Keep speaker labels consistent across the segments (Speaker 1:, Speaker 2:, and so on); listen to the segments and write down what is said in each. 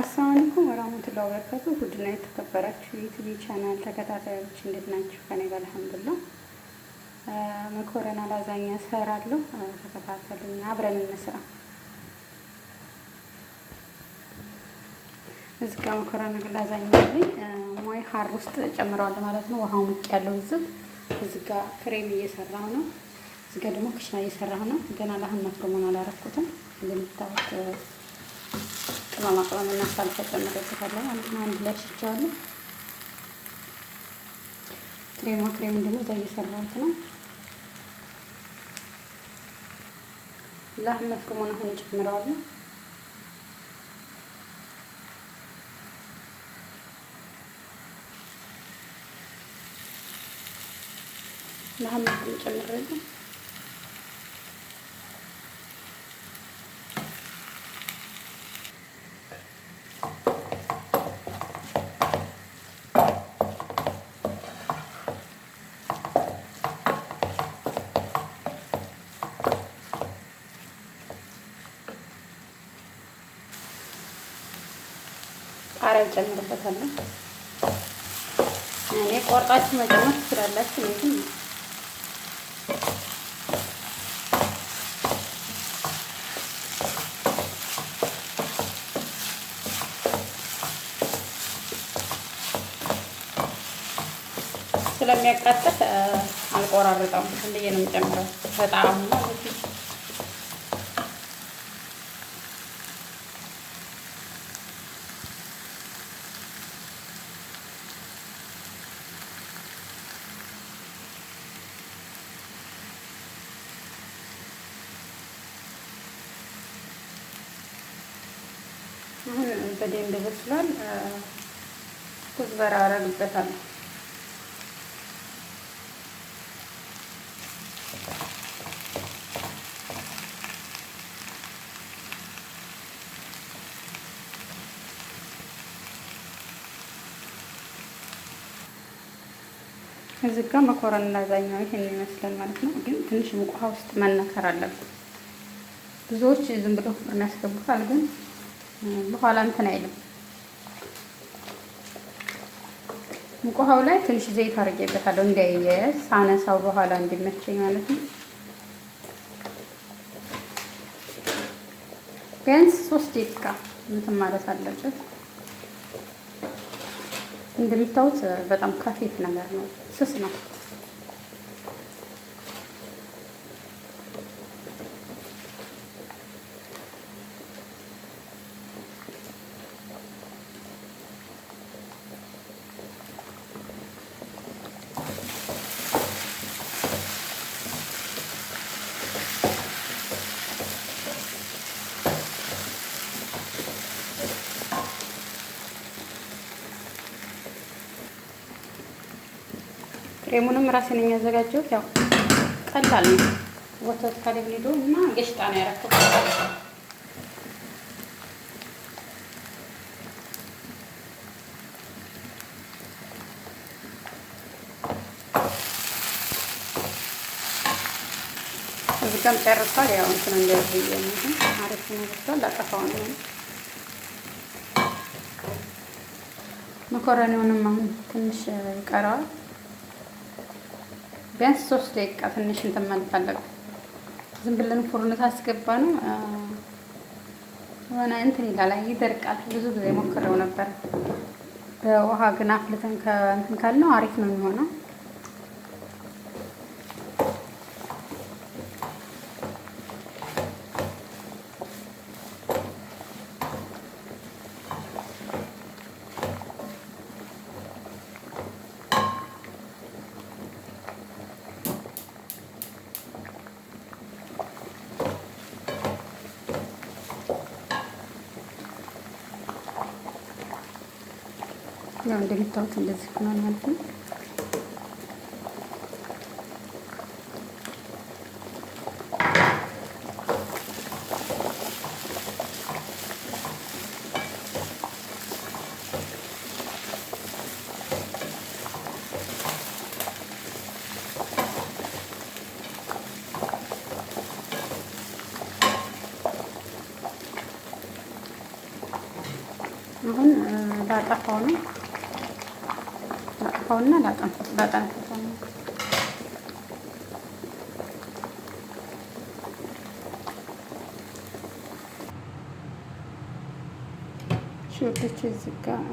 Speaker 1: አሰላሙ አለይኩም ወራህመቱላሂ ወበረካቱ። ውድና የተከበራችሁ ዩቲዩብ ቻናል ተከታታዮች እንዴት ናችሁ? ከኔ ጋር አልሐምዱሊላህ። መኮረና ላዛኛ ሰራለሁ፣ ተከታተሉኝ፣ አብረን እንስራ። እዚህ ጋር መኮረና ላዛኛ ላይ ሞይ ሀር ውስጥ ጨምረዋል ማለት ነው። ውሃው ሙቅ ያለው እዚህ እዚህ ጋር ክሬም እየሰራሁ ነው። እዚህ ጋር ደግሞ ክሽና እየሰራሁ ነው። ገና ላህነት ደግሞ አላረኩትም እንደምታውቁት ቅመማ ቅመም እና ሳልሳ ጨምሬበታለሁ ማለት ነው። አንድ ላይ ሽቸዋለሁ። ክሬማ ክሬም ደግሞ እዛ እየሰራሁት ነው። ላህመ ፍርሙን አሁን እጨምረዋለሁ። ላህመ ፍርሙን ጨምሬያለሁ። ጨው እጨምርበታለሁ። እኔ ቆርጣችሁ መጨመር ትችላላችሁ። ግን ስለሚያቃጥል አልቆራረጠም ብዬ ነው የምጨምረው በጣም በደንብ በስሏል። ኩዝበራ አረግበታል። እዚህ ጋ መኮረን እናዛኛው ይሄን ይመስላል ማለት ነው። ግን ትንሽ ሙቅ ውሃ ውስጥ መነከር አለብን። ብዙዎች ዝም ብለው ፍርና ያስገቡታል ግን በኋላ እንትን አይልም። ሙቆሃው ላይ ትንሽ ዘይት አድርጌበታለሁ እንዳያያዝ ሳነሳው በኋላ እንዲመቸኝ ማለት ነው። ቢያንስ ሶስት ደቂቃ እንትን ማለት አለበት። እንደምታዩት በጣም ከፊት ነገር ነው፣ ስስ ነው። ክሬሙንም ራሴ ነኝ ያዘጋጀሁት። ያው ቀላል ነው። ወተት ሊዶ እና ገሽጣ ነው ያደረኩት። እዚህ ጋርም ጨርሷል። ያው እንትን እንደዚህ የሚሆን አሪፍ ነው ብቻ ላጠፋው ነው። መኮረኒውንም አሁን ትንሽ ይቀረዋል። ቢያንስ ሶስት ደቂቃ ትንሽ እንትን ማለት አለብን። ዝም ብለን ፉርነት አስገባ ነው ሆነ እንትን ይላል ይደርቃል። ብዙ ጊዜ ሞክረው ነበር። በውሃ ግን አፍልተን ከእንትን ካልነው አሪፍ ነው የሚሆነው። ያው እንደምታዩት እንደዚህ ሆኗል ማለት ነው። አሁን ላጠፋው ነው። አነካካውና ላጠንኩት ላጠንኩት እዚህ ጋር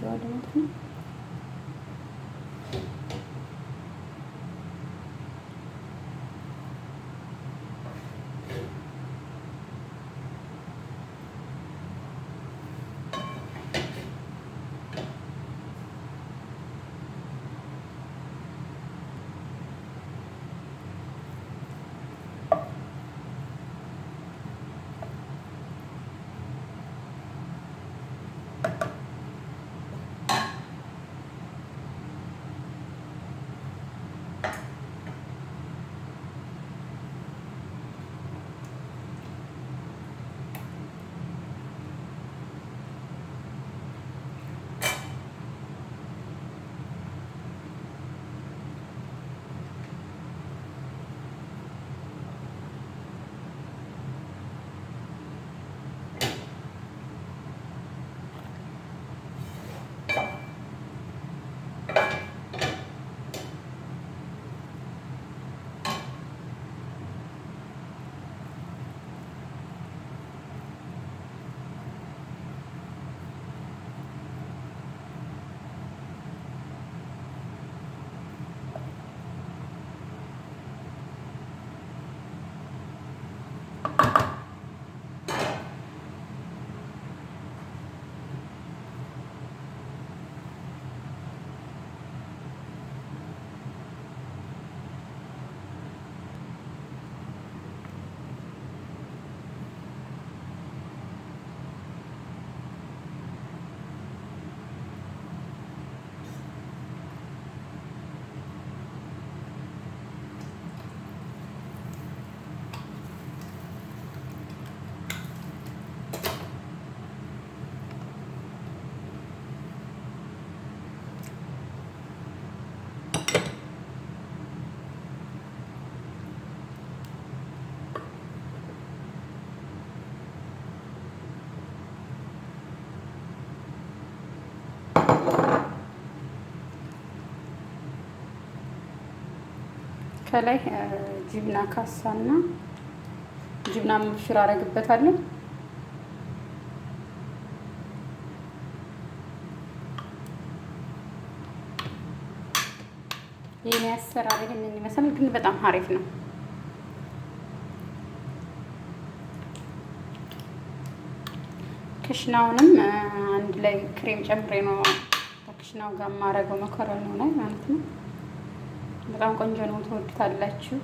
Speaker 1: አዘጋጀዋለሁ ማለት ነው። ከላይ ጅብና ካሳና ጅብና ምብሽር አደርግበታለሁ። ይህን ያሰራር ይህንን ይመስላል፣ ግን በጣም ሀሪፍ ነው። ክሽናውንም አንድ ላይ ክሬም ጨምሬ ነው ከክሽናው ጋር የማደርገው መኮረኑ ላይ ማለት ነው። በጣም ቆንጆ ነው፣ ትወዱታላችሁ።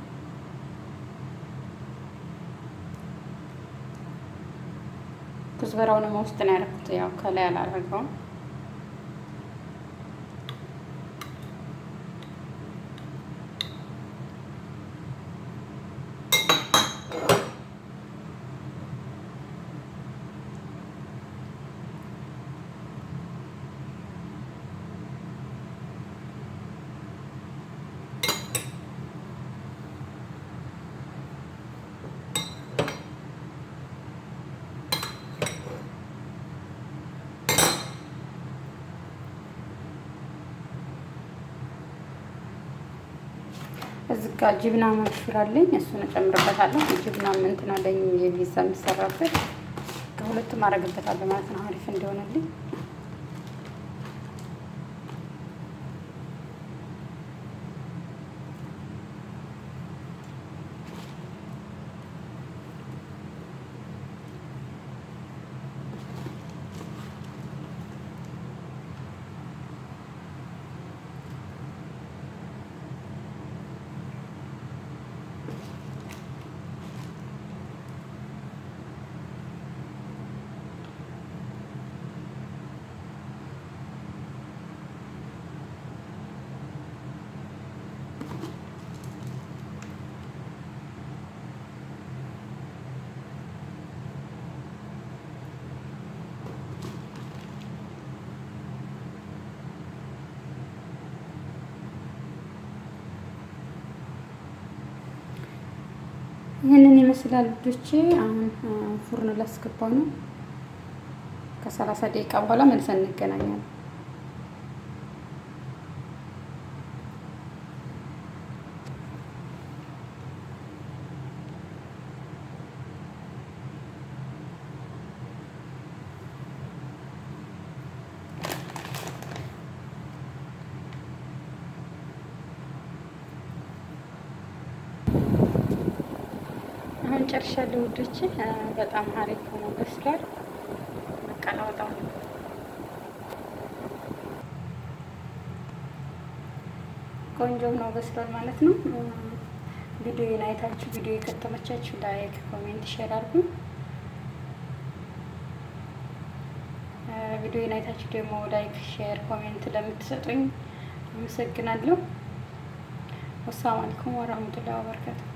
Speaker 1: ኩዝበራውንም ውስጥ ነው ያደረኩት፣ ያው ከላይ አላደረገውም። እዚህ ጋ ጅብና መብሽራለኝ እሱን እጨምርበታለሁ። ጅብና እንትን አለኝ የቢዛ የሚሰራበት ከሁለቱም አደርግበታለሁ ማለት ነው አሪፍ እንዲሆንልኝ ይህንን ይመስላል ልጆቼ። አሁን ፉርን ላስገባ ነው። ከሰላሳ ደቂቃ በኋላ መልሰን እንገናኛለን። ጨርሻለሁ ውዶች። በጣም አሪፍ ሆኖ በስሏል። መቀላወጣው ቆንጆ ነው በስሏል ማለት ነው። ቪዲዮ አይታችሁ ቪዲዮ ከተመቻችሁ ላይክ፣ ኮሜንት፣ ሼር አድርጉ። ቪዲዮ አይታችሁ ደግሞ ላይክ፣ ሼር፣ ኮሜንት ለምትሰጡኝ አመሰግናለሁ። ወሰላሙ አለይኩም ወራህመቱላሂ ወበረካቱ